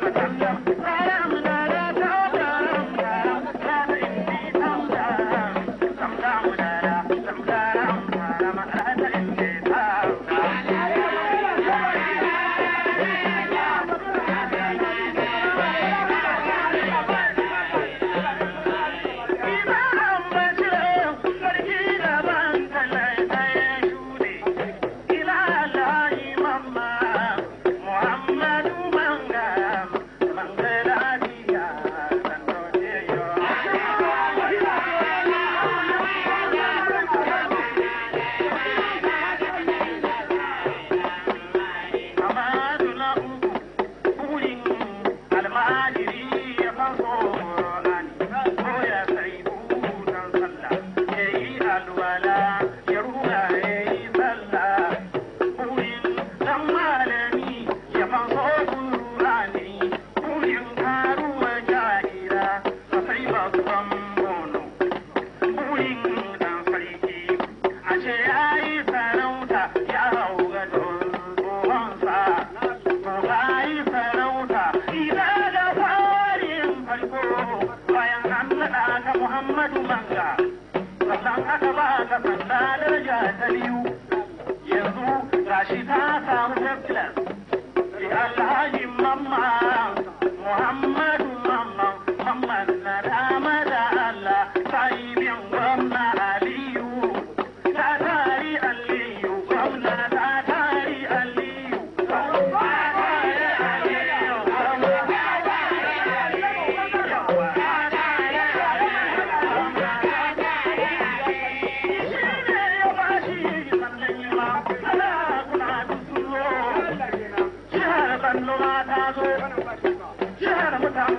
Thank you.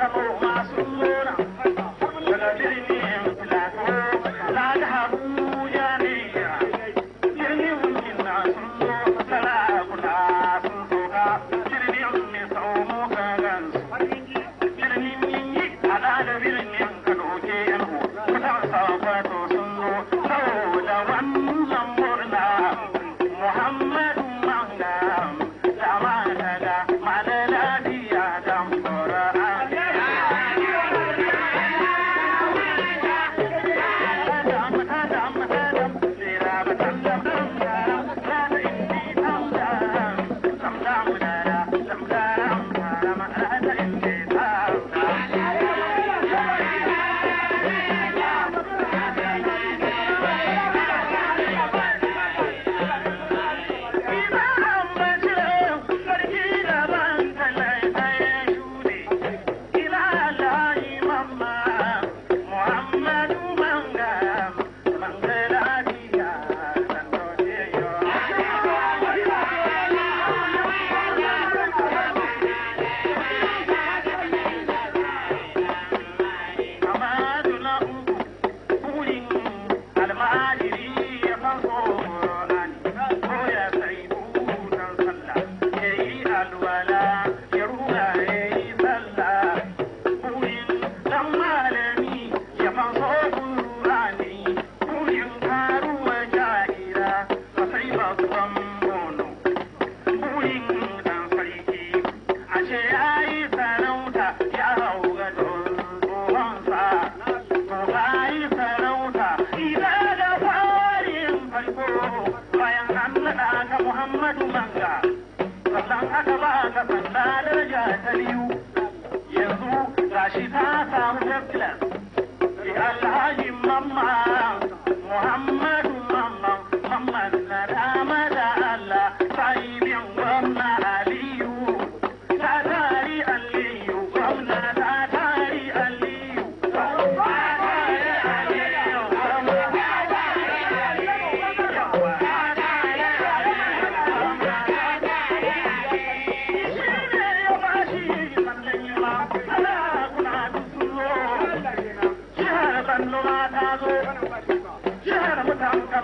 number one. Amém.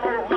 Never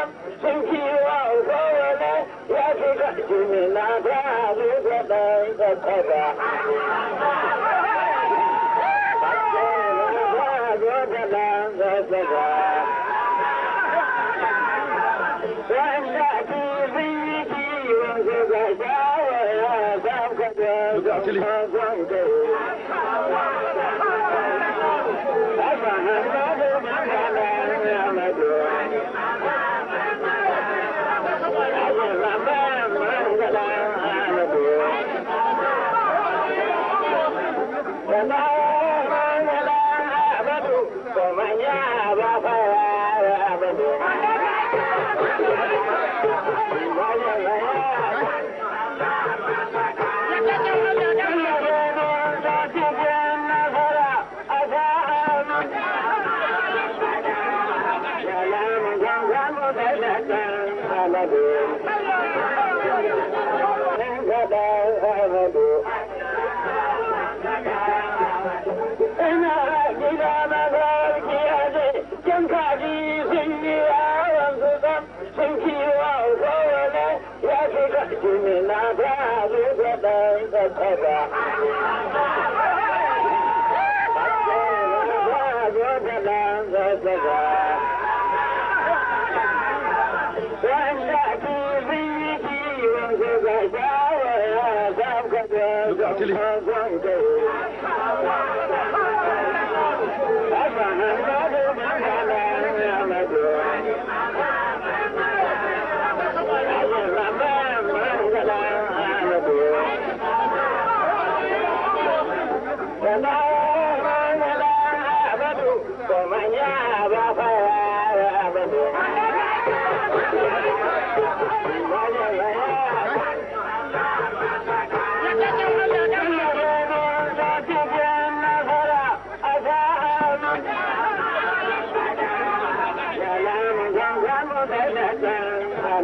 Thank you.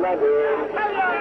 Muhammadin.